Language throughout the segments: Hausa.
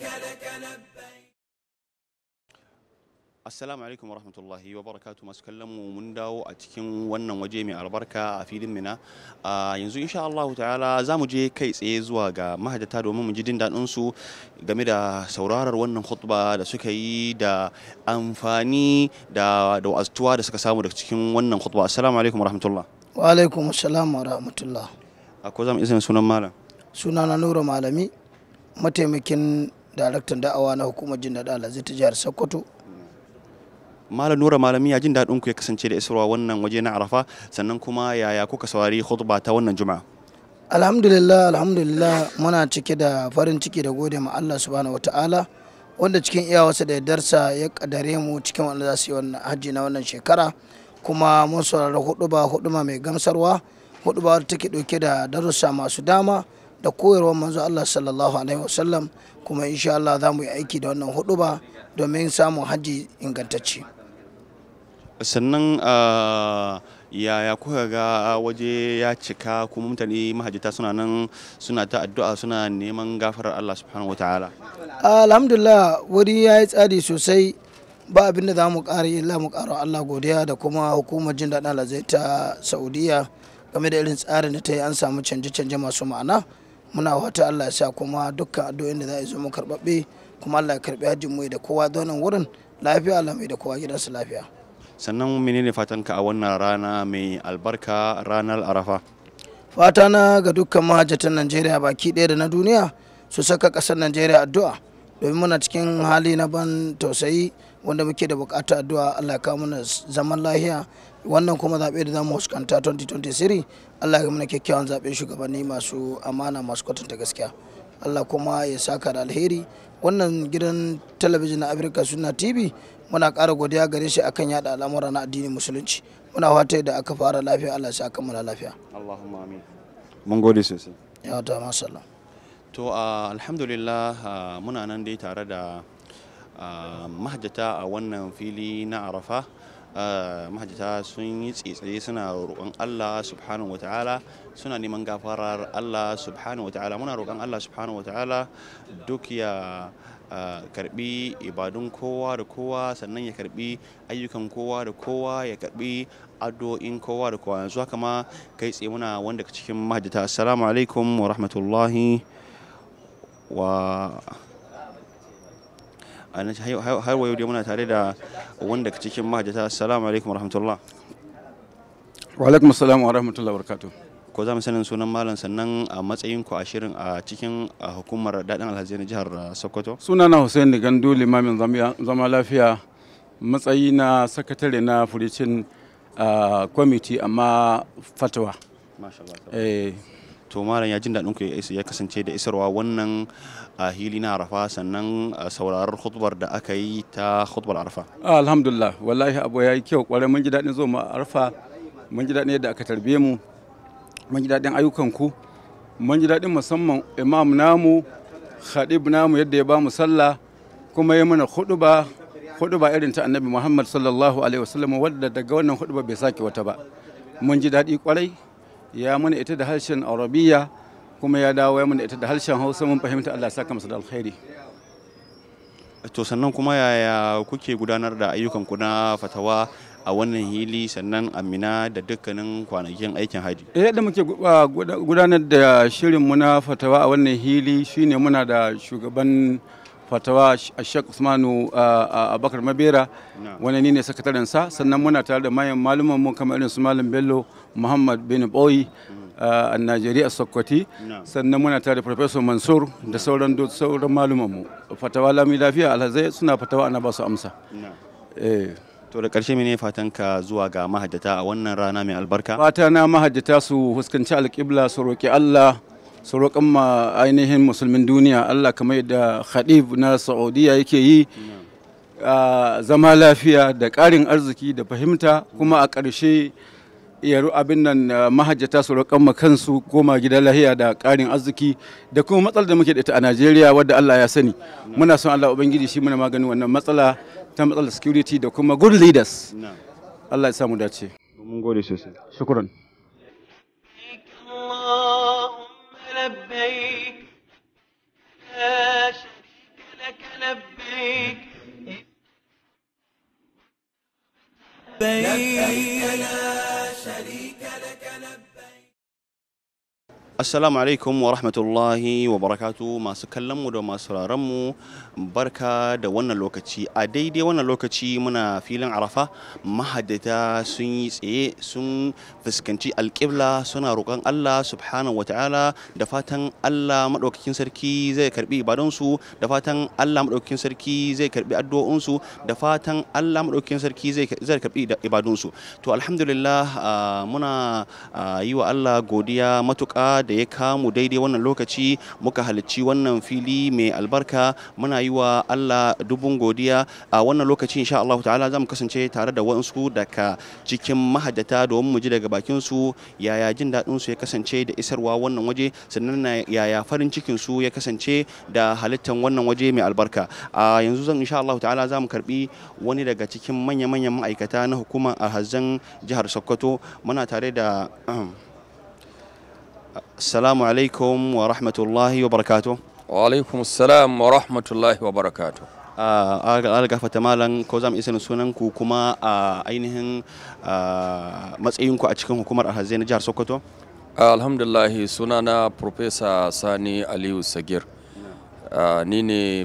لبيك لك لبيك assalamu alaikum warahmatullahi wa barakatu masu kallon mu mun dawo a cikin wannan waje mai albarka a filin mina yanzu insha Allah ta'ala za mu je kai tsaye zuwa ga mahajjata domin mu ji din daɗin su game da saurarar wannan khutba da suka yi da amfani da da da suka samu daga cikin wannan khutba assalamu alaikum warahmatullah wa alaikum assalam wa rahmatullah sunana malami mataimakin daraktan da'awa na hukumar jin daɗi alhazi ta jihar sokoto malam nura malami ya jin daɗin ku ya kasance da isarwa wannan waje na arafa sannan kuma yaya kuka saurari khutba ta wannan juma'a alhamdulillah alhamdulillah muna cike da farin ciki da gode ma Allah subhanahu ta'ala wanda cikin iyawarsa da yardarsa ya kadare mu cikin wanda za su yi wannan hajji na wannan shekara kuma mun saurari huduba khutba mai gamsarwa huduba wadda take dauke da darussa masu dama da koyarwar manzo Allah sallallahu alaihi wasallam kuma insha Allah za mu yi aiki da wannan huduba domin samun hajji ingantacce sannan yaya kuka ga waje ya cika kuma mutane mahajjata suna nan suna ta addu'a suna neman gafarar Allah subhanahu wataala alhamdulillah wuri ya yi tsari sosai ba abinda za mu ƙara illa mu ƙara Allah godiya da kuma hukumar jin daɗin alazai ta Saudiya game da irin tsarin da ta yi an samu canje-canje masu ma'ana muna wata Allah ya sa kuma dukkan addu'o'in da za a zo mu karɓaɓɓe kuma Allah ya karɓi hajjin mu da kowa zonan wurin lafiya Allah mai da kowa gidan su lafiya sannan menene fatan ka a wannan rana mai albarka ranar arafa fata na ga dukkan mahajjatan Najeriya baki ɗaya da na duniya su saka ƙasar Najeriya addu'a domin muna cikin hali na ban tausayi wanda muke da bukata addu'a Allah ya kawo mana zaman lahiya wannan kuma zaɓe da zamu huskanta 2023 Allah ya mana kyakkyawan zaɓe shugabanni masu amana masu kwatanta gaskiya Allah kuma ya saka da alheri wannan gidan talabijin na Afirka Sunna TV muna ƙara godiya gare shi akan yada al'amura na addinin musulunci muna fata da aka fara lafiya Allah ya saka mana lafiya Allahumma amin mun gode sosai ya ta masallam to ah, alhamdulillah ah, muna nan dai tare da Ah, mahajjata a wannan fili na arafa ah, mahajjata sun yi tsaye suna roƙon allah subhanahu wa ta'ala suna neman gafarar allah subhanahu wa ta'ala muna roƙon allah subhanahu wa ta'ala duk ya ah, karbi ibadun kowa da kowa sannan ya karbi ayyukan kowa da kowa ya karbi addu'o'in kowa da kowa yanzu haka kai tsaye muna wanda cikin mahajjata assalamu alaikum wa rahmatullahi wa har wayo dai muna tare da wanda cikin mahajjata assalamu alaikum warahmatullah wa alaikum assalamu wa rahmatullahi wa ko za mu sanin sunan malam sannan a matsayin ku a shirin a cikin hukumar daɗin alhaji na jihar uh, sokoto sunana hussein da gandu limamin zama lafiya matsayi na sakatare na furicin uh, kwamiti amma fatawa eh. to malam ya jin daɗin ku ya kasance da isarwa wannan a hili na arafa sannan sauraron khutbar da aka yi ta khutbar arafa alhamdulillah wallahi abu ya yi kyau kwarai mun ji daɗin zo mu arafa mun ji daɗin yadda aka tarbe mu mun ji daɗin ayyukan ku mun ji daɗin musamman imam namu khadib namu yadda ya ba mu sallah kuma ya mana khutba khutba irin ta annabi muhammad sallallahu alaihi wasallam wadda daga wannan khutba bai sake wata ba mun ji daɗi kwarai ya mana ita da harshen arabiya kuma ya dawo ya mana ita da harshen hausa mun fahimta allah saka masa da alkhairi to sannan kuma yaya kuke gudanar da ayyukan ku na fatawa a wannan hili sannan amina da dukkanin kwanakin aikin haji eh, yadda muke ah, gudanar da shirin mu na fatawa a wannan hili shine muna da shugaban fatawa a shek usmanu abakar ah, ah, mabera wani ne sakatarensa sannan muna tare da mayan malumanmu kamar irin su malam bello muhammad bin boyi uh, a najeriya Sokoti sannan muna tare da professor mansur da sauran sauran malumanmu fatawa lami lafiya alhazai suna fatawa ana ba su amsa eh. to da karshe mene fatan ka zuwa ga mahaddata a wannan rana mai albarka fata na mahaddata su huskanci alƙibla su roƙi allah su roƙan ma ainihin musulmin duniya allah kamar da khadib na saudiya yake yi uh, zama lafiya da ƙarin arziki da fahimta kuma a ƙarshe yaru abin nan eh, mahajjata su roƙan kansu koma gida lahiya da ƙarin arziki da kuma matsalar da muke da ita a Najeriya wadda Allah ya sani muna son Allah ubangiji shi muna magani wannan matsala ta matsalar security da kuma good leaders Allah ya mu dace mun gode sosai shukran لبيك لا Assalamu alaikum wa rahmatullahi wa barakatu masu kallonmu da masu mu barka da wannan lokaci a daidai wannan lokaci muna filin arafa mahadata sun yi tsaye sun fuskanci alƙibla suna roƙon Allah subhanahu ta'ala da fatan Allah maɗaukakin sarki zai karɓi ibadunsu da fatan Allah maɗaukakin sarki zai karɓi addu'o'insu da fatan Allah maɗaukakin sarki zai karɓi ibadunsu to alhamdulillah ah, muna ah, yi wa Allah godiya matuƙa da ya kamu daidai wannan lokaci muka halicci wannan fili mai albarka muna yi wa Allah dubun godiya a wannan lokaci insha Allah ta'ala zamu kasance tare da wasu daga cikin mahajjata domin mu ji daga bakin su yaya jin daɗin su ya kasance da isarwa wannan waje sannan yaya farin cikin su ya kasance da halittan wannan waje mai albarka a yanzu zan insha Allah ta'ala zamu karbi wani daga cikin manya-manyan ma'aikata na hukumar alhazan jihar Sokoto muna tare da السلام عليكم ورحمة الله وبركاته وعليكم السلام ورحمة الله وبركاته alga fata malan ko zamu isa sunan ku kuma a ah, ainihin ah, matsayin ku a cikin hukumar alhazai na jihar Sokoto ah, alhamdulillah sunana professor Sani Aliyu Sagir ni ne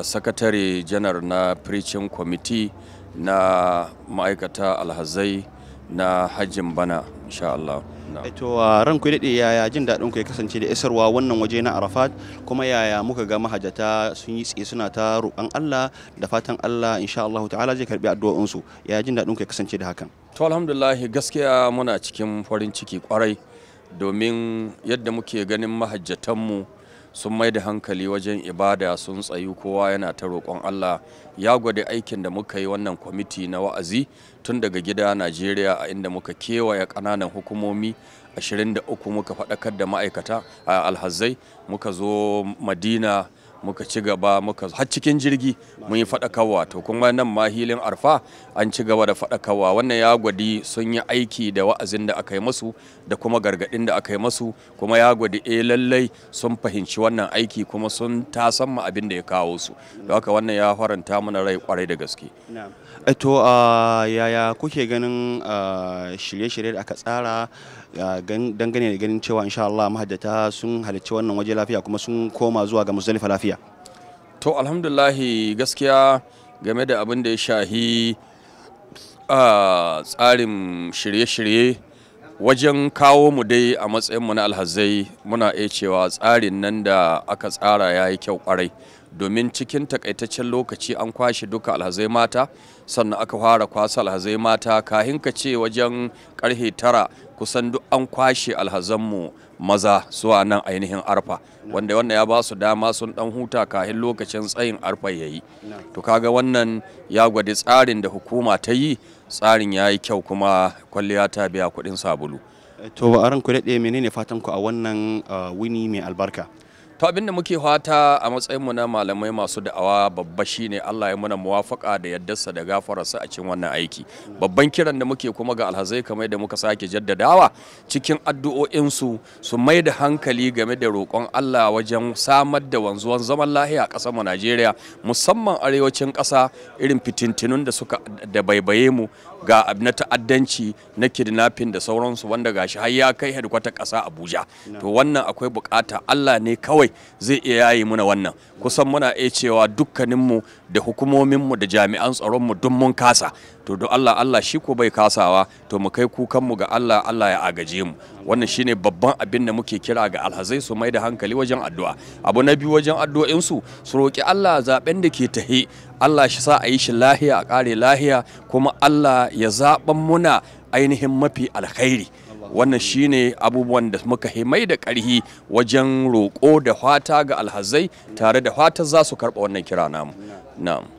secretary general na preaching committee na ma'aikata alhazai na hajjin bana insha Allah Eh, to ran ku daɗe yaya jin daɗin ku ya kasance da isarwa wannan waje na arafat kuma yaya muka ga mahajjata sun yi tsaye suna ta roƙon allah da fatan allah insha allah ta'ala zai karbi addu'o'insu yaya jin daɗin ku ya kasance da hakan to alhamdulillah gaskiya muna cikin farin ciki kwarai domin yadda muke ganin mahajjatanmu mu sun mai da hankali wajen ibada sun tsayu kowa yana ta roƙon Allah ya gwada aikin da muka yi wannan kwamiti na wa'azi tun daga gida Najeriya a inda muka kewaye ƙananan hukumomi 23 muka faɗakar da ma'aikata a alhazai muka zo Madina muka ci gaba muka har cikin jirgi mun yi faɗakarwa to kuma nan ma hilin arfa an ci gaba da faɗakarwa wannan ya gwadi sun yi aiki da wa'azin da aka yi masu da kuma gargaɗin da aka yi masu kuma ya gwadi eh lallai sun fahimci wannan aiki kuma sun tasan ma abin da ya kawo su don haka wannan ya faranta mana rai kwarai da gaske eh, to ah, yaya kuke ganin ah, shirye-shirye da aka tsara dangane da ganin cewa insha Allah mahaddata sun halarci wannan waje lafiya kuma sun koma zuwa ga Muzdalifa lafiya to alhamdulahi gaskiya game da abin da ya shahi a tsarin shirye-shirye wajen kawo mu dai a matsayin mu na alhazai muna iya cewa tsarin nan da aka tsara ya yi kyau kwarai domin cikin takaitaccen lokaci an kwashe duka alhazai mata sannan aka fara kwasa alhazai mata kahin ka ce wajen karhe tara kusan duk an kwashe alhazanmu maza zuwa nan ainihin arfa wanda wannan ya ba su dama sun dan huta kahin lokacin tsayin arfa ya yi to kaga wannan ya gwadi tsarin da hukuma ta yi tsarin ya yi kyau kuma kwalliya ta biya kuɗin sabulu to ba aran ku daɗe menene fatan ku a wannan ah, wini mai albarka to abin da muke fata a matsayinmu na malamai masu da'awa babba shine Allah ya muna muwafaka da yaddarsa da gafararsa a cikin wannan aiki babban kiran da muke kuma ga alhazai kamar da muka sake jaddadawa cikin addu'o'insu su mai da hankali game da roƙon Allah wajen samar da wanzuwan zaman lahiya a ƙasar mu Najeriya musamman arewacin ƙasa irin fitintinun da suka da baibaye mu ga abu na ta'addanci na kidnapping da sauransu wanda gashi har ya kai headquarter ƙasa abuja to wannan akwai bukata allah ne kawai zai iya yayi muna wannan kusan muna iya cewa dukkaninmu da hukumominmu da jami'an tsaronmu duk mun kasa to don Allah Allah shi ko bai kasawa to mu kai kukanmu ga Allah Allah ya agaje mu wannan shine babban abin da muke kira ga alhazai su mai da hankali wajen addu'a abu na biyu wajen addu'o'in su roƙi Allah zaben da ke tahi Allah shi sa a yi shi lahiya a kare lahiya kuma Allah ya zaɓan muna ainihin mafi alkhairi wannan shine abubuwan da muka himai da ƙarhi wajen roƙo da fata ga alhazai tare da fata za su karɓa wannan kira namu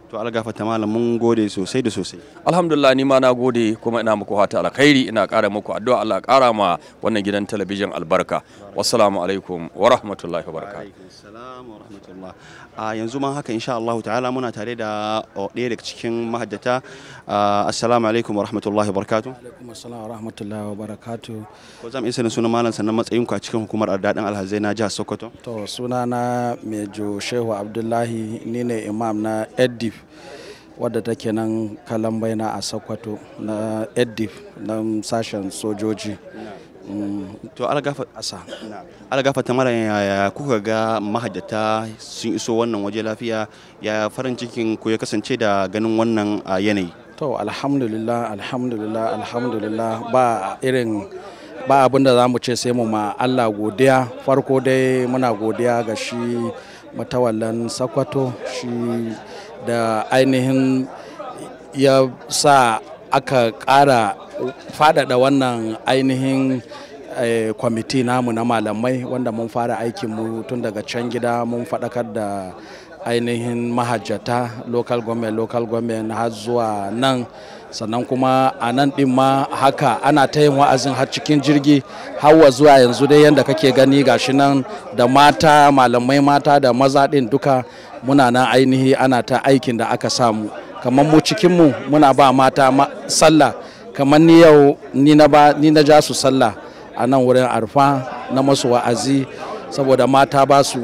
to algafa malam mun gode sosai da sosai alhamdulillah ni ma na gode kuma ina muku hata alkhairi ina ƙara muku addu'a Allah ƙara ma wannan gidan talabijin albarka wassalamu alaikum wa rahmatullahi wa barakatuh a yanzu ma haka insha Allah ta'ala muna tare da ɗaya daga cikin mahaddata assalamu alaikum wa rahmatullahi wa barakatuh alaikum assalamu wa rahmatullahi wa barakatuh ko zan isa ne sunan malam sannan matsayin ku a cikin hukumar ardadin alhazai na jihar Sokoto to sunana Mejo Shehu Abdullahi ni ne imam na Edif wadda take nan kalan baina a Sakwato na edif na sashen sojoji mm. to gafa ta mara yaya kuka ga mahajjata sun iso wannan waje lafiya ya farin cikin ku ya kasance da ganin wannan a yanayi to alhamdulillah alhamdulillah alhamdulillah ba irin ba abin da za mu ce sai mu ma Allah godiya farko dai muna godiya ga shi matawallan sakwato shi da ainihin ya sa aka ƙara faɗaɗa wannan ainihin eh, kwamiti namu na malamai wanda mun fara aikinmu tun daga can gida mun faɗakar da ainihin mahajjata local government local government har zuwa nan sannan kuma a nan ɗin ma haka ana ta yin wa'azin har cikin jirgi hawa zuwa yanzu dai yadda kake gani gashi nan da mata malamai mata da maza ɗin duka muna na ainihi ana ta aikin da aka samu kamar mu cikinmu muna ba mata sallah kamar ni yau ni na ba ni na ja su sallah a nan wurin arfa na masu wa'azi saboda mata ba su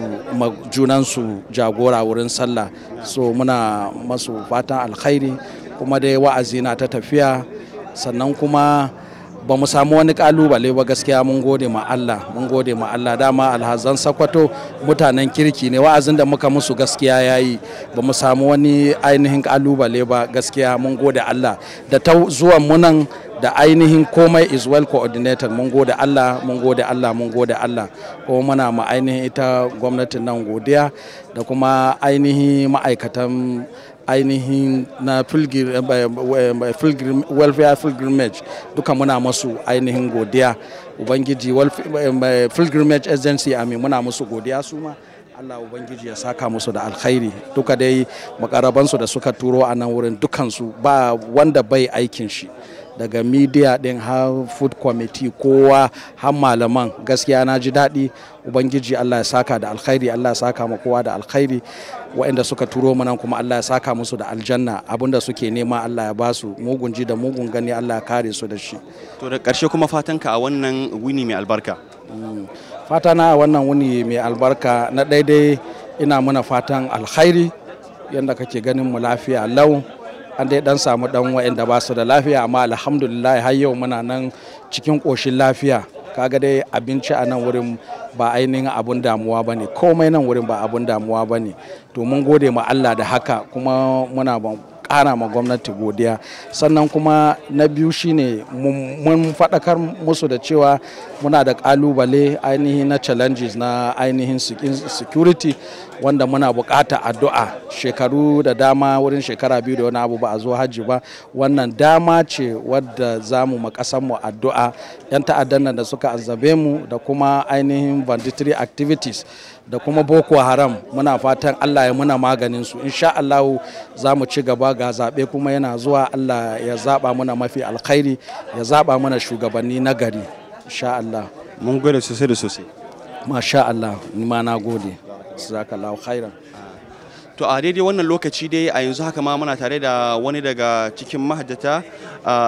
junansu jagora wurin sallah so muna masu fatan alkhairi kuma dai wa'azi na ta tafiya sannan kuma ba mu samu wani kalubale ba gaskiya mun gode ma Allah mun gode ma Allah dama alhazan sakwato mutanen kirki ne wa'azin da muka musu gaskiya yayi ba mu samu wani ainihin kalubale ba gaskiya mun gode Allah da ta zuwan munan da ainihin komai is well coordinated mun gode Allah mun gode Allah mun gode Allah kuma muna ma ainihin ita gwamnatin nan godiya da kuma ainihin ma'aikatan ainihin na eh, welfare pilgrimage duka muna masu ainihin godiya ubangiji eh, pilgrimage agency ami muna musu godiya su ma Allah Ubangiji ya saka musu da alkhairi duka dai makarabansu da suka turo a nan wurin dukansu ba wanda bai aikin shi daga media din har food committee kowa har malaman gaskiya na ji daɗi ubangiji allah ya saka da alkhairi allah ya saka ma kowa da alkhairi waɗanda suka turo mana kuma allah ya saka musu da aljanna abinda suke nema allah ya ba su mugun ji da mugun gani allah ya kare su da shi to da ƙarshe kuma fatanka a wannan wuni mai albarka mm. fata na a wannan wuni mai albarka na daidai ina muna fatan alkhairi yadda kake ganin mu lafiya lau an dai dan samu dan wa'anda ba su da lafiya amma alhamdulillah har yau muna nan cikin koshin lafiya kaga dai abinci a nan wurin ba ainihin abun damuwa ba ne komai nan wurin ba abun damuwa ba ne to mun gode ma Allah da haka kuma muna kara ma gwamnati godiya sannan kuma na biyu shine mun faɗakar musu da cewa muna da ƙalubale ainihi na challenges na ainihin security wanda muna buƙata addu'a shekaru da dama wurin shekara biyu da wani abu ba a zo hajji ba wannan dama ce wadda za mu mu addu'a 'yan ta'addan nan da suka azabe mu da kuma ainihin banditry activities da kuma boko haram muna fatan allah ya muna maganin su insha allahu za mu ci gaba ga zaɓe kuma yana zuwa allah ya zaɓa muna mafi alkhairi ya zaɓa muna shugabanni na gari insha allah mun gode sosai da sosai masha allah ni ma na gode jazakallahu khairan to a daidai wannan lokaci dai a yanzu haka ma muna tare da wani daga cikin mahajjata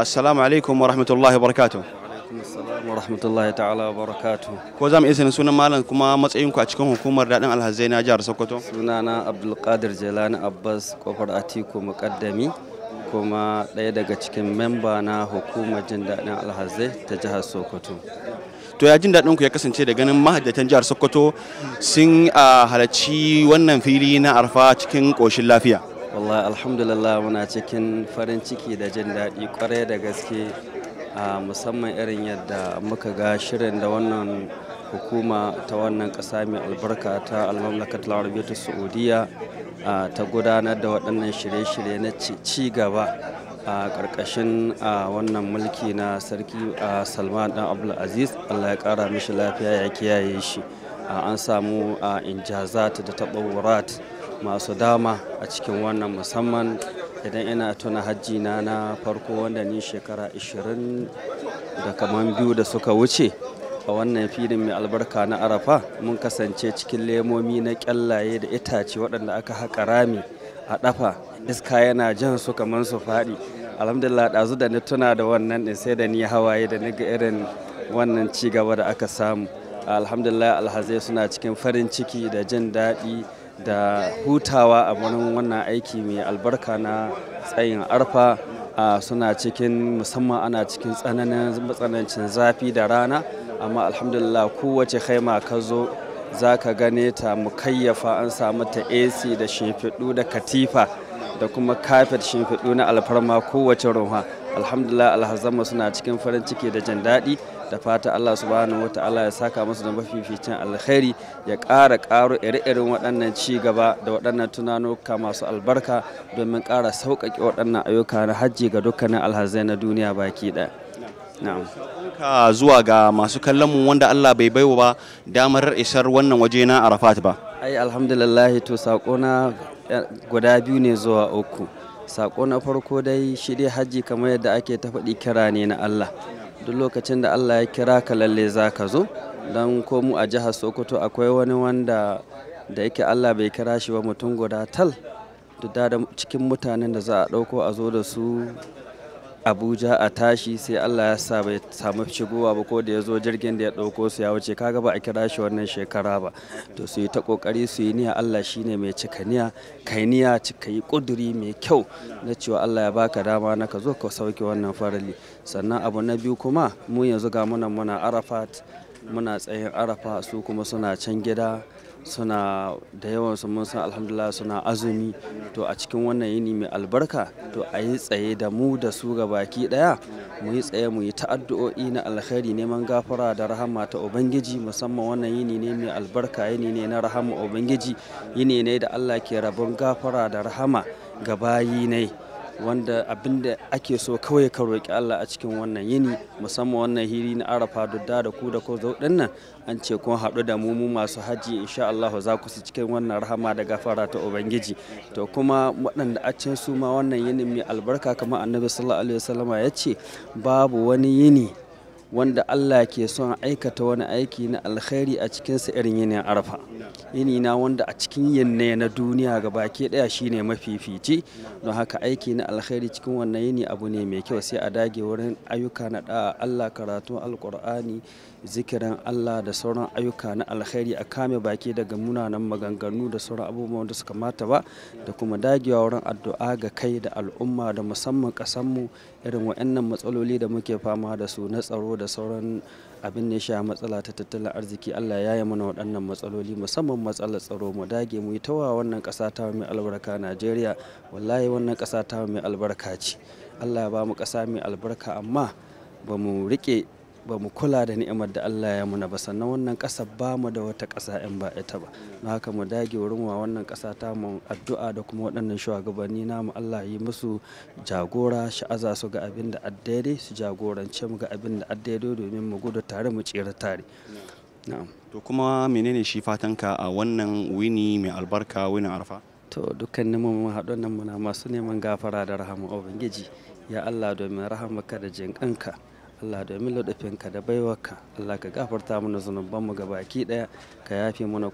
assalamu alaikum wa rahmatullahi wa barakatuh alaikum assalam wa rahmatullahi ta'ala wa barakatu ko za mu iya sanin sunan malam kuma matsayin ku a cikin hukumar daɗin alhazai na jihar sokoto sunana abdulkadir jelani abbas kofar atiku muqaddami kuma ɗaya daga cikin memba na hukumar jin daɗin alhazai ta jihar sokoto to ya jin daɗin ku ya kasance da ganin mahajjatan jihar sokoto sun halarci wannan fili na arfa cikin ƙoshin lafiya wallahi alhamdulillah muna cikin farin ciki da jin daɗi kwarai da gaske a musamman irin yadda muka ga shirin da wannan hukuma ta wannan ƙasa mai albarka ta almamlakat ta saudiya ta gudanar da waɗannan shirye-shirye na ci gaba a ƙarƙashin wannan mulki na sarki salman dan aziz allah ya ƙara mishi lafiya ya kiyaye shi an samu injazat da taɓa masu dama a cikin wannan musamman idan ina tuna hajji na na farko wanda ni shekara 20 da kaman biyu da suka wuce a wannan filin mai albarka na arafa mun kasance cikin lemomi na kyallaye da itace waɗanda aka haƙa rami a ɗafa iska yana jan su kamar su faɗi alhamdulillah ɗazu da ni tuna da wannan ɗin sai da ni hawaye da ni ga irin wannan ci gaba da aka samu alhamdulillah alhazai suna cikin farin ciki da jin daɗi da hutawa a wurin wannan aiki mai albarka na tsayin arfa suna cikin musamman ana cikin tsananin matsanancin zafi da rana amma alhamdulillah kowace haima ka zo za ka gane ta mukayyafa an samu ta ac da shimfiɗu da katifa da kuma kafet shimfiɗu na alfarma kowace ruwa alhamdulillah alhazama suna cikin farin ciki da jin daɗi da fata Allah subhanahu wa ta'ala ya saka musu da mafificin alkhairi ya ƙara ƙaro ire-iren waɗannan ci gaba da waɗannan tunanuka masu albarka domin ƙara sauƙaƙe waɗannan ayyuka na hajji ga dukkanin alhazai na duniya baki ɗaya. Ka zuwa ga masu kallon mu wanda Allah bai baiwa ba damar isar wannan waje na Arafat ba. Ai alhamdulillah to sako na guda biyu ne zuwa uku. Sako na farko dai shi dai hajji kamar yadda ake ta faɗi kira ne na Allah. duk lokacin da allah ya kira ka lalle za ka zo don komu a jihar sokoto akwai wani wanda da yake allah bai kira shi ba mutum guda tal Duk da cikin mutanen da za a ɗauko a zo da su abuja a tashi sai allah ya sa bai samu shigowa ba ko da ya zo jirgin da ya ɗauko su ya wuce kaga ba a kira shi wannan shekara ba to su yi ta ƙoƙari su yi niyya allah shi ne mai cika niyya kai niyya cika yi ƙuduri mai kyau na cewa allah ya baka dama na ka zo ka sauke wannan farali sannan abu na biyu kuma mu yanzu ga muna muna arafat muna tsayin arafa su kuma suna can gida suna da yawan su mun san alhamdulillah suna azumi to a cikin wannan yini mai albarka to a yi tsaye da mu da su ga baki daya mu yi tsaye mu yi ta'addu'o'i na alkhairi neman gafara da rahama ta ubangiji musamman wannan yini ne mai albarka yini ne na rahama ubangiji yini ne da Allah ke rabon gafara da rahama ga bayi ne wanda abinda ake so kawai ka roƙi Allah a cikin wannan yini musamman wannan hiri na arafa dudda da ku da ko zauɗin nan an ce kun haɗu da mu masu haji insha Allah za ku su cikin wannan rahama da gafara ta ubangiji to kuma waɗanda a cikin su ma wannan yini mai albarka kamar annabi sallallahu alaihi wasallama ya ce babu wani yini wanda Allah ke son aikata wani aiki na alkhairi a cikinsa irin yinin arfa yini na wanda a cikin yinne na duniya ga baki daya shine mafifici don haka aiki na alkhairi cikin wannan yini abu ne mai kyau sai a dage wurin ayyuka na da Allah karatu alkur'ani zikirin Allah da sauran ayyuka na alkhairi a kame baki daga munanan maganganu da sauran abubuwan da suka mata ba da kuma dagewa wurin addu'a ga kai da al'umma da musamman kasanmu irin wa'annan matsaloli da muke fama da su na tsaro da sauran abin ya sha matsala ta tattalin arziki Allah ya yi mana waɗannan matsaloli musamman matsalar tsaro mu dage mu yi tawa wannan ƙasa ta mai albarka Najeriya wallahi wannan ƙasa ta mai albarka ce Allah ya ba mu ƙasa mai albarka amma ba mu riƙe ba mu kula da ni'imar da Allah ya muna ba sannan wannan kasa ba mu da wata kasa in ba ita ba na haka mu dage wurin wa wannan kasa ta mu addu'a da kuma waɗannan shugabanni na mu Allah yi musu jagora sha'aza su ga abin da addare su jagorance mu ga abin da addare domin mu gudu tare mu tsira tare to kuma menene shi fatanka a wannan wini mai albarka wini arfa to dukkanin mu haɗu nan muna masu neman gafara da rahama ubangiji ya Allah domin rahamaka da jinƙanka Allah domin ka da baiwa ka Allah ka gafarta mana mu ga baki daya ka yafe mana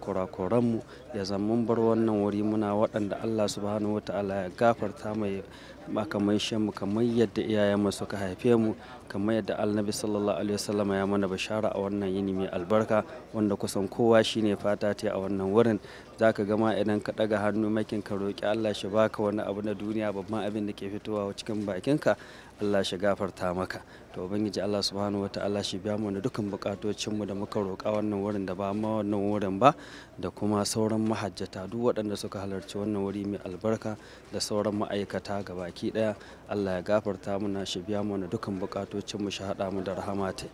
mu ya zama bar wannan wuri muna waɗanda Allah subhanahu wata'ala ya gafarta mai shan mu kamar yadda iyayen mu suka haife mu kamar yadda annabi sallallahu alaihi wasallam ya mana bashara a wannan yini mai albarka wanda kusan kowa shine fata ta a wannan wurin zaka gama idan ka daga hannu makin ka roki Allah shi baka wani abu na duniya babban abin da ke fitowa cikin bakin ka Allah shi gafarta maka to ubangiji Allah subhanahu wa ta'ala shi biya mu da dukkan bukatocin mu da muka roƙa wannan wurin da ba ma wannan wurin ba da kuma sauran mahajjata duk waɗanda suka halarci wannan wuri mai albarka da sauran ma'aikata gabaki daya Allah ya gafarta muna shi biya mu da dukkan bukatocin mu shi hada mu da rahama ta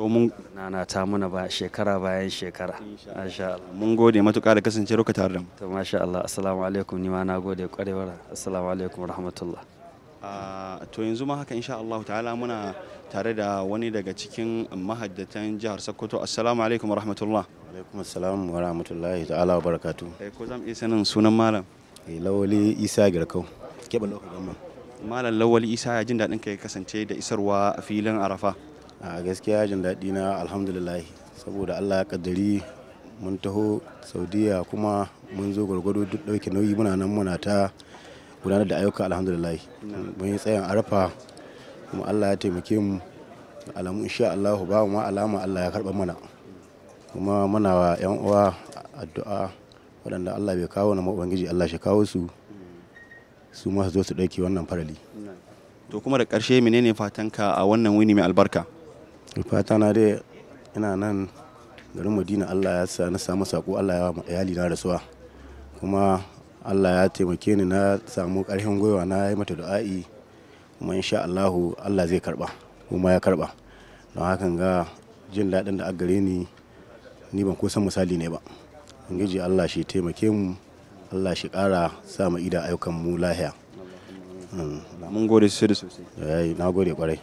mun nana ta muna ba shekara bayan shekara insha Allah mun gode matuƙa da kasance roka tare da mu to masha Allah assalamu alaikum ni ma na gode kwarewar assalamu alaikum rahmatullah to yanzu ma haka insha Allah ta'ala muna tare da wani daga cikin mahaddatan jihar Sokoto assalamu alaikum warahmatullah alaikum assalam wa rahmatullahi ta'ala wa barakatu eh ko zan iya sanin sunan malam eh lawali Isa Girkau keban lokacin gamman malam lawali Isa ya jin dadin kai kasance da isarwa a filin Arafa a gaskiya jin dadi na alhamdulillah saboda Allah ya kaddari mun taho Saudiya kuma mun zo gwargwado duk dauke nauyi muna nan muna ta gudanar da ayyuka alhamdulillah mun yi tsayin arafa kuma Allah ya taimake mu alamu insha Allah ba mu alama Allah ya karba mana kuma muna wa yan uwa addu'a waɗanda Allah bai kawo na ubangiji Allah shi kawo su su ma su zo su ɗauki wannan farali to kuma da ƙarshe menene ka a wannan wuni mai albarka fata na dai ina nan garin madina Allah ya sa na samu sako Allah ya wa iyali na rasuwa kuma Allah ya taimake ni na samu ƙarfin gwiwa na yi mata du'a'i kuma insha Allahu Allah zai karba kuma ya karba don hakan ga jin daɗin da a gare ni ni ban kusan misali ne ba ingiji Allah shi taimake mu Allah shi ƙara sa mu ida ayyukan mu lahiya mun gode sosai sosai eh, na gode kwarai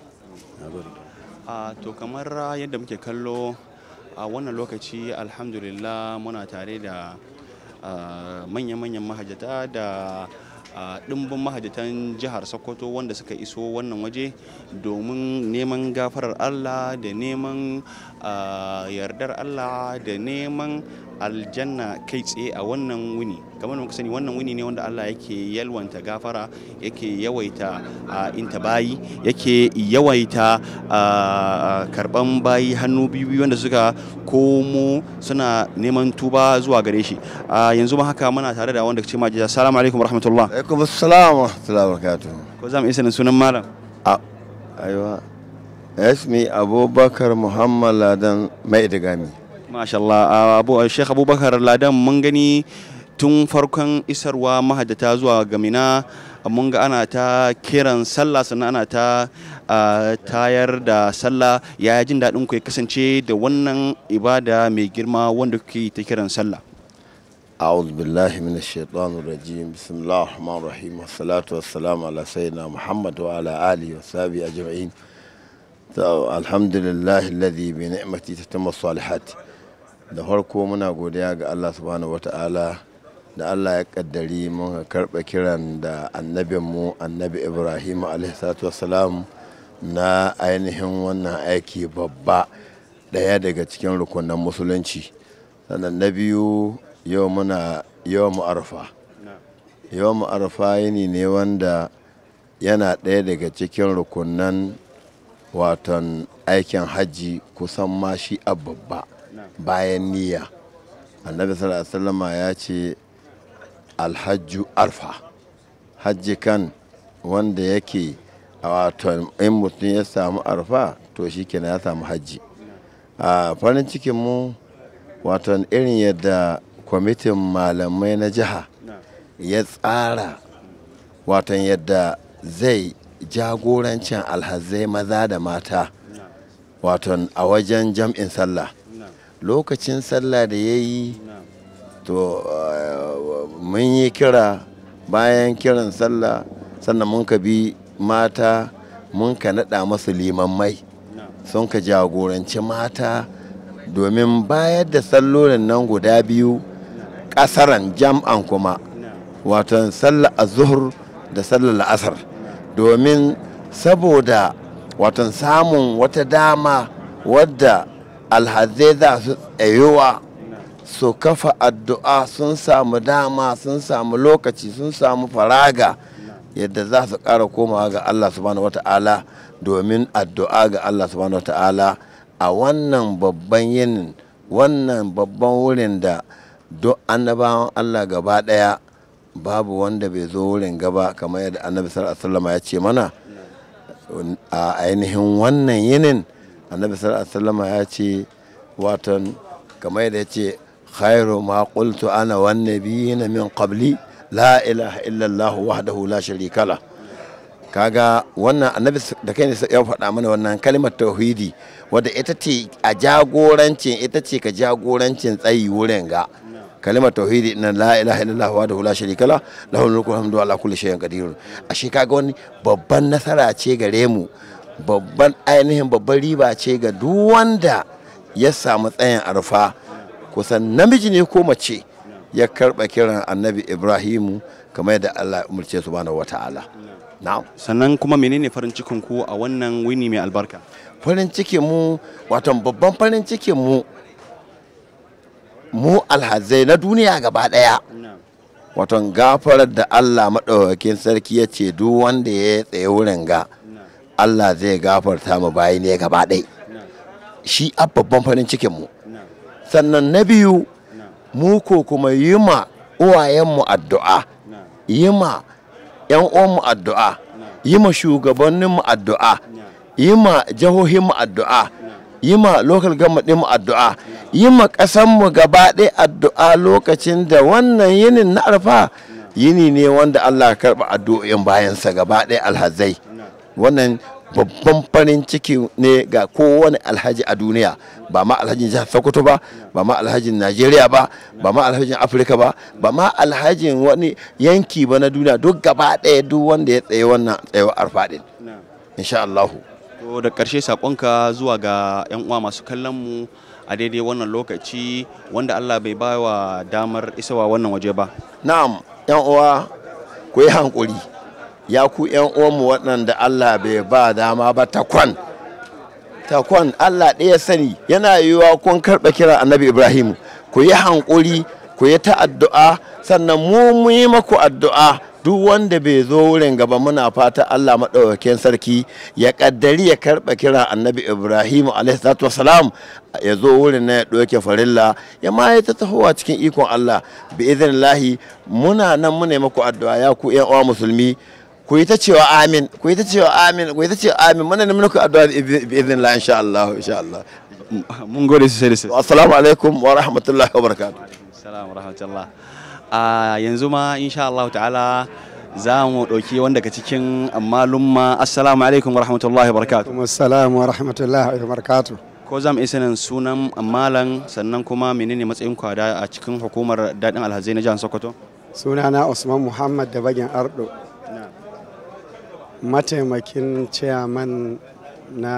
a to kamar yadda muke kallo a wannan lokaci alhamdulillah muna tare da manya-manyan mahajjata da ɗimbin mahajjatan jihar sokoto wanda suka iso wannan waje domin neman gafarar allah da neman yardar allah da neman aljanna kai tsaye a wannan wuni kamar muka sani wannan wuni ne wanda Allah yake yalwanta gafara yake yawaita inta bayi yake yawaita karban bayi hannu biyu wanda suka komo suna neman tuba zuwa gare shi yanzu ma haka muna tare da wanda ke ma jiya assalamu alaikum warahmatullah alaikum assalam wa rahmatullahi wa barakatuh ko zamu isa sunan malam A aiwa ismi abubakar muhammad ladan mai idgami mashallah abu sheikh abubakar ladan mun gani tun farkon isarwa mahajjata zuwa gamina mun ga ana ta kiran sallah sannan ana ta tayar da sallah ya jin daɗin ku ya kasance da wannan ibada mai girma wanda kuke ta kiran sallah أعوذ بالله من الشيطان الرجيم بسم الله الرحمن الرحيم والصلاة والسلام على سيدنا محمد وعلى آله وصحبه أجمعين الحمد لله الذي بنعمته تتم الصالحات da farko muna godiya ga allah subhanahu wata'ala da allah ya kaddari mun karɓa kiran da annabinmu annabi ibrahim wassalam na ainihin wannan aiki babba ɗaya daga cikin rukunan musulunci sannan na biyu yau muna yau arfa yau arfa yini ne wanda yana ɗaya daga cikin rukunan watan aikin hajji kusan ma shi babba bayan niyya annabi sallallahu alaihi ya ce alhajju arfa hajji kan wanda yake a wato in mutum ya samu arfa to shi kenan ya samu hajji a farin cikin mu wato irin yadda kwamitin malamai na jiha ya tsara wato yadda zai jagorancin alhazai maza da mata wato a wajen jam'in sallah lokacin sallah da ya yi to eh, mun yi kira bayan kiran sallah sannan mun ka bi mata mun ka naɗa masu limammai sun ka jagoranci mata domin bayar da sallolin nan guda biyu kasaran jam'an kuma wato a zuhur da sallah la'asar domin saboda watan samun wata dama wadda alhazai za su tsayuwa su kafa addu'a sun samu dama sun samu lokaci sun samu faraga yadda za su ƙara komawa ga Allah subhanahu wata'ala domin addu'a ga Allah subhanahu wata'ala a wannan babban yinin wannan babban wurin da duk annabawan Allah gaba daya babu wanda bai zo wurin gaba kamar yadda annabi sallallahu alaihi ya ce mana a ainihin wannan yinin annabi sallallahu alaihi wasallam ya ce watan kamar da ya ce khairu ma qultu ana wan nabiyina min qabli la ilaha illa allah wahdahu la sharika la kaga wannan annabi da kai ne ya faɗa mana wannan kalmar tauhidi wadda ita ce a jagorancin ita ce ka jagorancin tsayi wurin ga kalimar tauhidi na la ilaha illallah wahdahu la sharika la lahul mulku wa hamdu ala kulli shay'in qadir ashe kaga wani babban nasara ce gare mu babban ainihin babban riba ce ga duk wanda ya samu tsayin arfa kusan namiji ne ko mace ya karɓa kiran annabi ibrahimu kamar yadda allah umarce su bana ala. sannan kuma menene farin cikin ku a wannan wini mai albarka farin ciki mu wato babban farin ciki mu mu alhazai na duniya gaba ɗaya wato gafarar da allah maɗaukakin sarki ya ce duk wanda ya tsaye wurin ga Allah zai gafarta mu bayi ne gaba ɗai shi a babban farin cikin mu sannan na biyu mu ko kuma yi ma uwayenmu addu'a yi ma 'yan uwanmu addu'a yi ma shugabanninmu addu'a yi ma jihohinmu addu'a yi ma local government addu'a yi ma ƙasanmu gaba ɗai addu'a lokacin da wannan yinin na arfa yini ne wanda Allah ya karɓa addu'o'in bayansa gaba ɗai alhazai wannan babban farin ciki ne ga kowane alhaji a duniya ba ma alhajin jihar sokoto ba ba ma alhajin najeriya ba ba ma alhajin afirka ba ba ma alhajin wani yanki ba na duniya duk gaba ɗaya duk wanda ya tsaye wannan tsayawar arfaɗin insha allahu to da ƙarshe saƙonka zuwa ga 'yan uwa masu kallon mu a daidai wannan lokaci wanda allah bai ba wa damar isawa wannan waje ba na'am 'yan uwa ku yi hankuri ya ku yan uwanmu waɗanda Allah bai ba dama ba takwan takwan Allah ɗaya sani yana yiwuwa kun karɓa kira annabi Ibrahim ku yi hankuri ku yi ta'addu'a, sannan mu mu yi maku addu'a duk wanda bai zo wurin gaba muna fata Allah maɗaukakin sarki ya ƙaddari ya karɓa kira annabi Ibrahim alaihi wasalam ya zo wurin na ya ɗauke farilla ya ma ya ta tahowa cikin ikon Allah bi lahi muna nan muna maku addu'a ya ku ƴan uwa musulmi ku yi ta cewa amin ku yi ta cewa amin ku yi ta cewa amin muna ne muku addu'a bi la insha Allah insha Allah mun gode sosai da sosai assalamu alaikum wa rahmatullahi wa barakatuh assalamu wa rahmatullah a yanzu ma insha Allah ta'ala za mu ɗauki wanda ka cikin malumma assalamu alaikum wa rahmatullahi wa barakatuh assalamu wa rahmatullahi wa barakatuh ko za mu iya sunan malam sannan kuma menene matsayin kwada a cikin hukumar daɗin alhazai na jihar sokoto sunana usman muhammad da bagin ardo mataimakin chairman na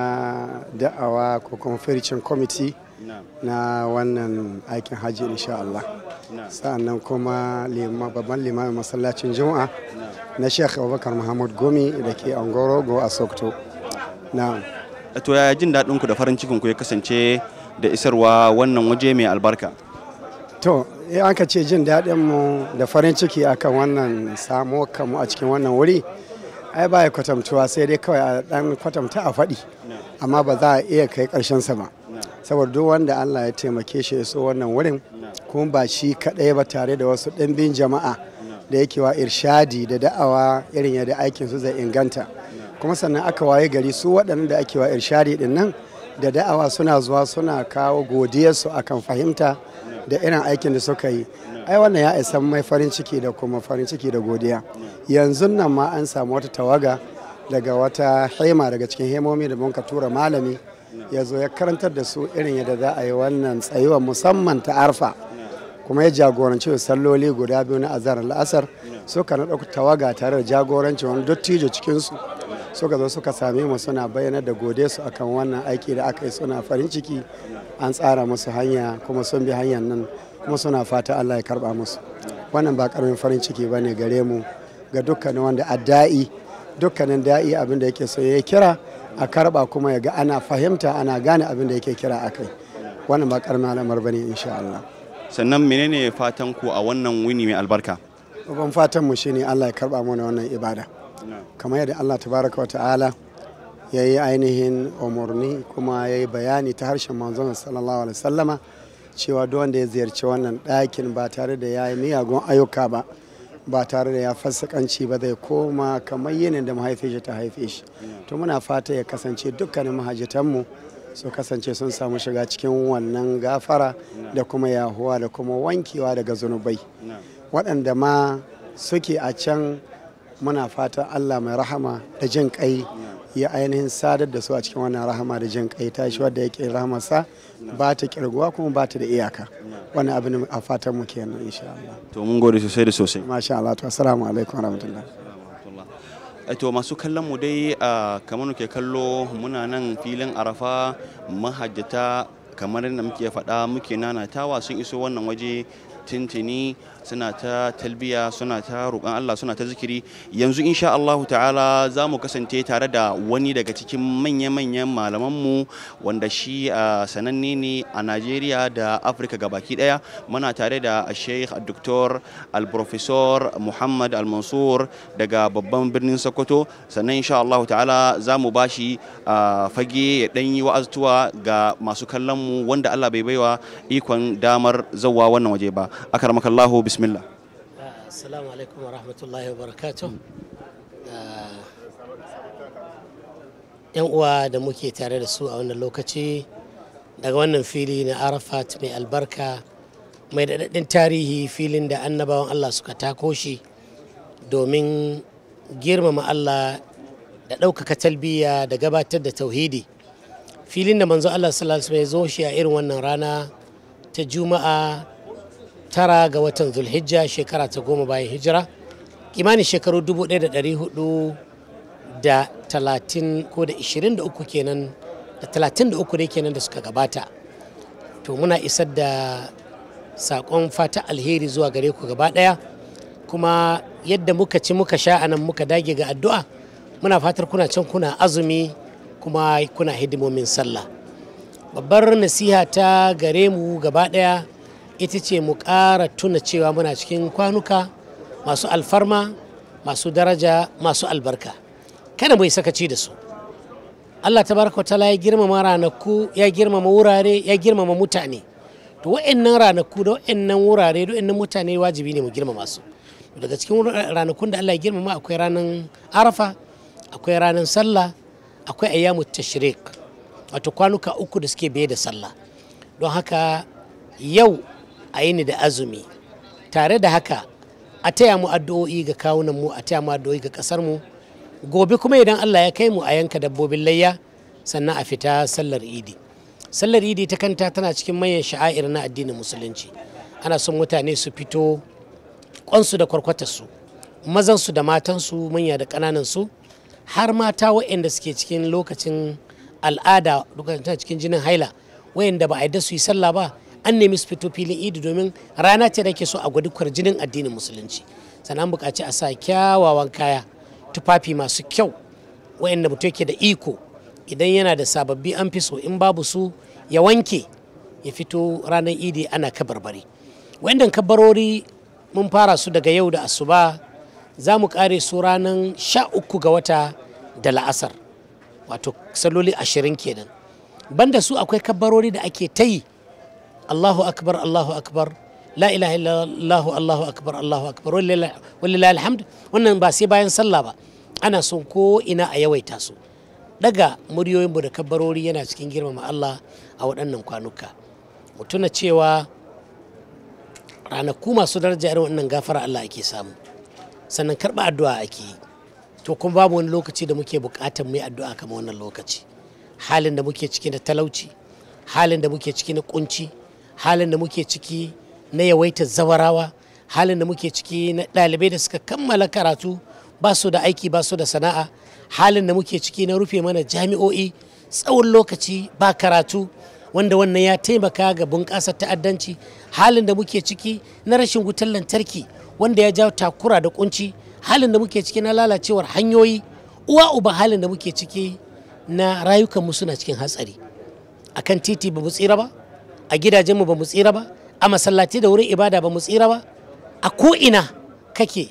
da'awa ko conferencing committee na wannan aikin hajji insha Allah sannan kuma babban limamin masallacin juma'a na sheikh abubakar muhammad gomi da ke go a sokoto na eh, to yaya jin daɗin ku da farin cikin ku ya kasance da isarwa wannan waje mai albarka to an ka ce jin daɗin mu da farin ciki akan wannan samo kamu a cikin wannan wuri ai ba ya kwatamtuwa sai dai kawai a dan kwatamta a faɗi amma ba za a iya kai ƙarshen sa ba saboda duk wanda Allah ya taimake shi so wannan wurin kuma ba shi kaɗai ba tare da wasu ɗimbin jama'a da yake wa irshadi da da'awa irin yadda aikin su zai inganta kuma sannan aka waye gari su waɗannan da ake wa irshadi din nan da da'awa suna zuwa suna kawo godiyarsu akan fahimta da irin aikin da suka yi ai wannan ya isa mai farin ciki da kuma farin ciki da godiya yanzu nan ma an samu wata tawaga daga wata haima daga cikin hemomi da muka tura malami ya zo ya karantar da su irin yadda za a yi wannan tsayuwa musamman ta arfa kuma ya jagoranci salloli guda biyu na azar al'asar suka na ɗauki tawaga tare da jagoranci wani dottijo cikinsu suka zo suka sami mu suna bayyana da gode su akan wannan aiki da aka yi suna farin ciki an tsara musu hanya kuma sun bi hanyar nan kuma suna fata Allah ya karba musu wannan ba karamin farin ciki ba ne gare mu ga dukkanin wanda a da'i dukkanin da'i abin da yake so ya kira a karba kuma ya ga ana fahimta ana gane abin da yake kira a kai wannan ba karamin al'amar ba ne insha Allah sannan menene fatan ku a wannan wuni mai albarka babban fatan mu shine Allah ya karba mana wannan ibada kamar yadda Allah tabaraka wa ta'ala ya yi ainihin umarni kuma ya yi bayani ta harshen manzon sallallahu alaihi wasallama cewa duk wanda ya ziyarci wannan ɗakin ba tare da ya yi miyagun ayyuka ba ba tare da ya fasikanci ba zai koma kamar yinin da mahaifin shi ta haife shi to muna fata ya kasance dukkanin mu su kasance sun samu shiga cikin wannan gafara da kuma yahuwa da kuma wankewa daga zunubai waɗanda ma suke a can muna fata allah mai rahama da jin ƙai ya ainihin sadar da su a cikin wannan rahama da jin kai tashi wadda yake rahamarsa ba ta kirguwa kuma ba ta da iyaka wani abin a fatan mu kenan insha Allah to mun gode sosai da sosai masha Allah to assalamu alaikum warahmatullahi to masu kallon mu dai kamar ke kallo muna nan filin arafa mahajjata kamar yadda muke faɗa muke nanatawa sun iso wannan waje tintini suna ta talbiya suna ta roƙon Allah suna ta zikiri yanzu insha Allah ta'ala za mu kasance tare da wani daga cikin manya-manyan malamanmu wanda shi a sananne ne a Najeriya da Afirka gabaki ɗaya muna tare da Sheikh Dr. Al-Professor Muhammad Al-Mansur daga babban birnin Sokoto sannan insha Allah ta'ala za mu bashi fage ya ɗan yi wa'aztuwa ga masu kallon mu wanda Allah bai baiwa ikon damar zauwa wannan waje ba akarmakallahu bismillah assalamu alaikum wa rahmatullahi wa barakatuh uh, yan uwa da muke tare da su a wannan lokaci daga wannan fili na arafat mai albarka mai daɗaɗɗin tarihi filin da annabawan allah suka tako shi domin girmama allah da ɗaukaka talbiya da gabatar da tauhidi filin da manzo allah sallallahu alaihi ya zo shi a irin wannan rana ta juma'a tara ga watan zulhijja shekara ta goma bayan hijira kimanin shekaru 1400 da 30 ko da 23 kenan da 33 ne kenan da suka gabata to muna isar da sakon fata alheri zuwa gare ku gaba daya kuma yadda muka ci muka sha anan muka dage ga addu'a muna fatar kuna can kuna azumi kuma kuna hidimomin sallah babbar nasiha ta gare mu gaba daya. ita ce mu ƙara tuna cewa muna cikin kwanuka masu alfarma masu daraja masu albarka kada mai sakaci da su Allah ta baraka ta ya girmama ranaku ya girmama wurare ya girmama mutane to wa'annan ranaku da wa'annan wurare da wa'annan mutane wajibi ne mu girmama su daga cikin ranakun da Allah ya girmama akwai ranar arafa akwai ranar sallah akwai ayyamu tashrik wato kwanuka uku da suke biye da sallah don haka yau a yini da azumi tare da haka a taya mu addu'o'i ga kawunan mu a taya mu addu'o'i ga kasar mu gobe kuma idan Allah ya kai mu a yanka dabbobin layya sannan a fita sallar idi sallar idi ta kanta tana cikin manyan sha'air na addinin musulunci ana son mutane su fito kwansu da kwarkwatar su mazan su da matan su manya da su har mata waɗanda suke cikin lokacin al'ada lokacin cikin jinin haila waɗanda ba a yadda su yi sallah ba an nemi su fito filin idi domin rana ce da ke so a gwadi jinin addinin musulunci sannan bukaci a sa kyawawan kaya tufafi masu kyau wayanda mutum yake da iko idan yana da sababbi an fi so in babu su ya wanke ya fito ranar idi ana kabarbari wayannan kabarori mun fara su daga yau da asuba za mu kare su ranar sha uku ga wata da la'asar wato saloli ashirin kenan banda su akwai kabarori da ake ta yi Allahu akbar Allahu akbar la ilaha illallah Allahu akbar Allahu akbar ولله alhamd wannan ba sai bayan sallah ba ana son ko ina a yawaita su daga muryoyin mu da kabbarori yana cikin girmama Allah a waɗannan kwanuka mutuna tuna cewa ranaku masu daraja irin wannan gafara Allah ake samu sannan karɓa addu'a ake yi to kuma babu wani lokaci da muke buƙatar mu yi addu'a kamar wannan lokaci halin da muke ciki na talauci halin da muke ciki na kunci halin da muke ciki na yawaitar zawarawa halin da muke ciki na ɗalibai da suka kammala karatu ba su da aiki ba su da sana'a halin da muke ciki na rufe mana jami'o'i tsawon lokaci ba karatu wanda wannan ya taimaka ga bunƙasa ta'addanci halin da muke ciki na rashin wutar lantarki wanda ya jawo takura da kunci halin da muke ciki na lalacewar hanyoyi uwa uba halin da muke ciki na rayukanmu suna cikin hatsari akan titi ba mu tsira ba a gidajenmu ba mu tsira ba a masallaci da wurin ibada ba mu tsira ba a ko ina kake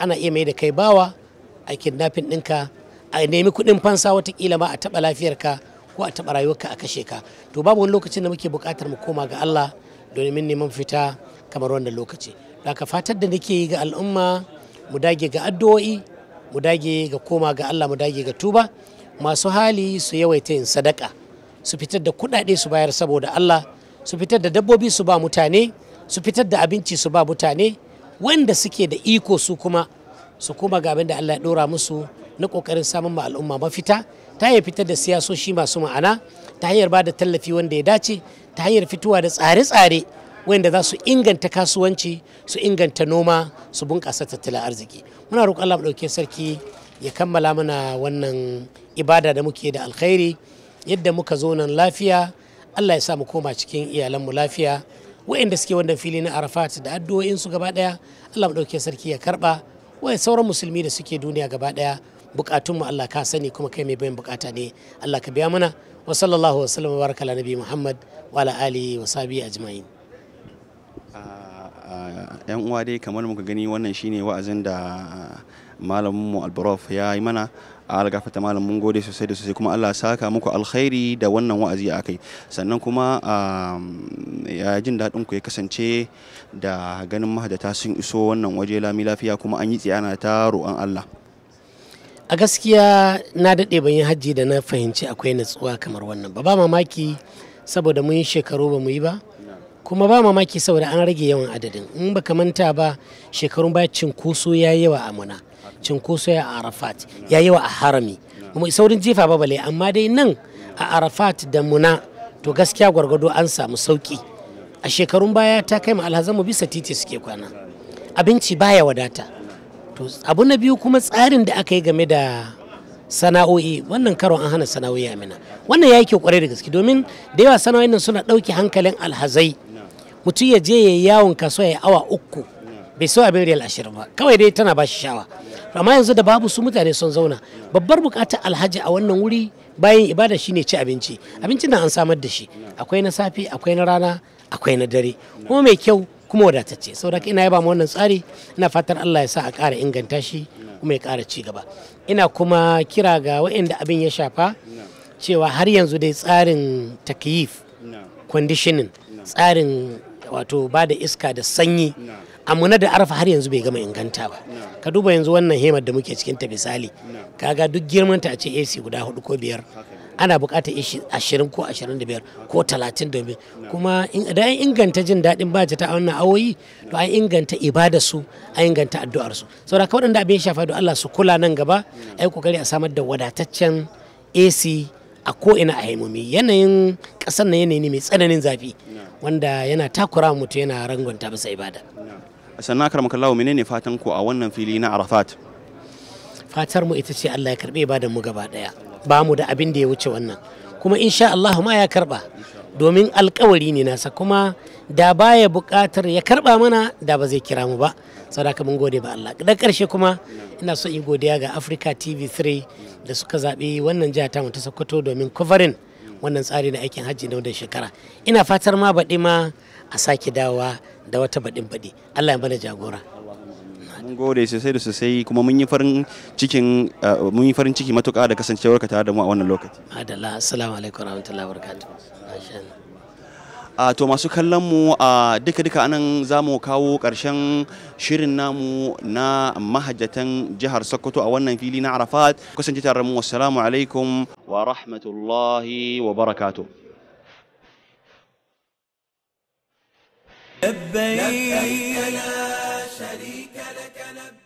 ana iya mai da kai bawa a kidnapping ɗinka a nemi kuɗin fansa watakila ma a taɓa lafiyarka ko a taɓa rayuwarka a kashe ka to babu wani lokacin da muke bukatar mu koma ga Allah domin neman fita kamar wannan lokaci haka fatar da nake yi ga al'umma mu dage ga addu'o'i mu dage ga koma ga Allah mu dage ga tuba masu hali su yawaita yin sadaka su fitar da kuɗaɗe su bayar saboda Allah su fitar da dabbobi su ba mutane su fitar da abinci su ba mutane wanda suke da iko su kuma su kuma ga abin da Allah ya dora musu na kokarin samun ma al'umma mafita ta hanyar fitar da siyasoshi masu ma'ana ta hanyar ba da tallafi wanda ya dace ta hanyar fitowa da tsare-tsare wanda za su inganta kasuwanci su inganta noma su bunƙasa tattalin arziki muna roƙon Allah ɗauke sarki ya kammala mana wannan ibada da muke da alkhairi yadda muka zo nan lafiya Allah ya sa mu koma cikin iyalan mu lafiya wa'inda suke wannan fili na Arafat da addu'o'in su gaba daya Allah mu dauke sarki ya karba wai sauran musulmi da suke duniya gaba daya bukatunmu Allah ka sani kuma kai mai bayan bukata ne Allah ka biya mana wa sallallahu wa sallam baraka ala nabi Muhammad wa ala alihi wa sahbihi ajma'in yan uwa dai kamar muka gani wannan shine wa'azin da malamin mu Albarof ya yi mana a algafata malam mun gode sosai da sosai kuma Allah saka muku alkhairi da wannan wa'azi a kai sannan kuma ya jin daɗin ku ya kasance da ganin mahadata sun iso wannan waje lami lafiya kuma an yi tsiyana ta roƙon Allah a gaskiya na daɗe ban yi hajji da na fahimci akwai natsuwa kamar wannan ba ba mamaki saboda mun yi shekaru ba mu yi ba kuma ba mamaki saboda an rage yawan adadin in baka manta ba shekarun bacin cinkoso ya yawa a muna cinkoso ya a arafat ya yi wa a harami kuma saurin jefa ba bale amma dai nan a arafat da muna to gaskiya gwargwado an samu sauki a shekarun baya ta kai ma mu bisa titi suke kwana abinci baya wadata to abu na biyu kuma tsarin da aka yi game da sana'o'i wannan karon an hana sana'o'i amina wannan ya yi kyau kwarai da gaske domin da yawa sana'o'in nan suna ɗauke hankalin alhazai mutum ya je ya yi yawon kasuwa ya yi awa uku bai so abin riyal ashirin ba kawai dai tana ba shi shawa amma yanzu da babu su mutane sun zauna babbar bukatar alhaji a wannan wuri bayan ibada shine ci abinci abincin nan an samar da shi akwai na safe akwai na rana akwai na dare kuma mai kyau kuma wadatacce saboda ina yaba wannan tsari ina fatan Allah ya sa a ƙara inganta shi kuma ya ƙara ci gaba ina kuma kira ga waɗanda abin ya shafa cewa har yanzu dai tsarin takyif conditioning tsarin wato ba da iska da sanyi muna da arfa har yanzu bai gama inganta ba ka duba yanzu wannan hemar da muke cikin ta misali kaga duk girman ta a ce AC guda hudu ko biyar ana bukatar ashirin ko ashirin da biyar ko talatin domin kuma da an inganta jin daɗin ba ta wannan awoyi to an inganta ibada su an inganta addu'ar su saboda ka waɗanda abin shafa da Allah su kula nan gaba ai kokari a samar da wadataccen AC a ko ina a haimomi yanayin ƙasar na yanayi ne mai tsananin zafi wanda yana takura mutum yana rangonta bisa ibada sannan karamaka lawo menene fatan ku a wannan fili na arafat fatar mu ita ce Allah ya karbe ba da mu gaba daya ba mu da abin da ya wuce wannan kuma insha Allah ma ya karba domin alkawari ne nasa kuma da baya buƙatar ya karba mana da ba zai kira mu ba sadaka mun gode ba Allah da ƙarshe kuma ina so in godiya ga Africa TV3 da suka zaɓi wannan jiha ta ta Sokoto domin covering wannan tsari na aikin hajji na wannan shekara ina fatar ma baɗi ma a sake dawowa da wata baɗin baɗi Allah ya mana jagora mun gode sosai da sosai kuma mun yi farin cikin uh, mun yi farin ciki matuƙa da ka tare da mu a wannan lokaci madalla assalamu alaikum warahmatullahi wabarakatuh a uh, to masu kallon mu a uh, duka duka anan za mu kawo ƙarshen shirin namu na mahajjatan jihar sokoto a wannan fili na arafat kasance tare mu assalamu alaikum wa rahmatullahi wa barakatuh لبيك لا شريك لك لبيك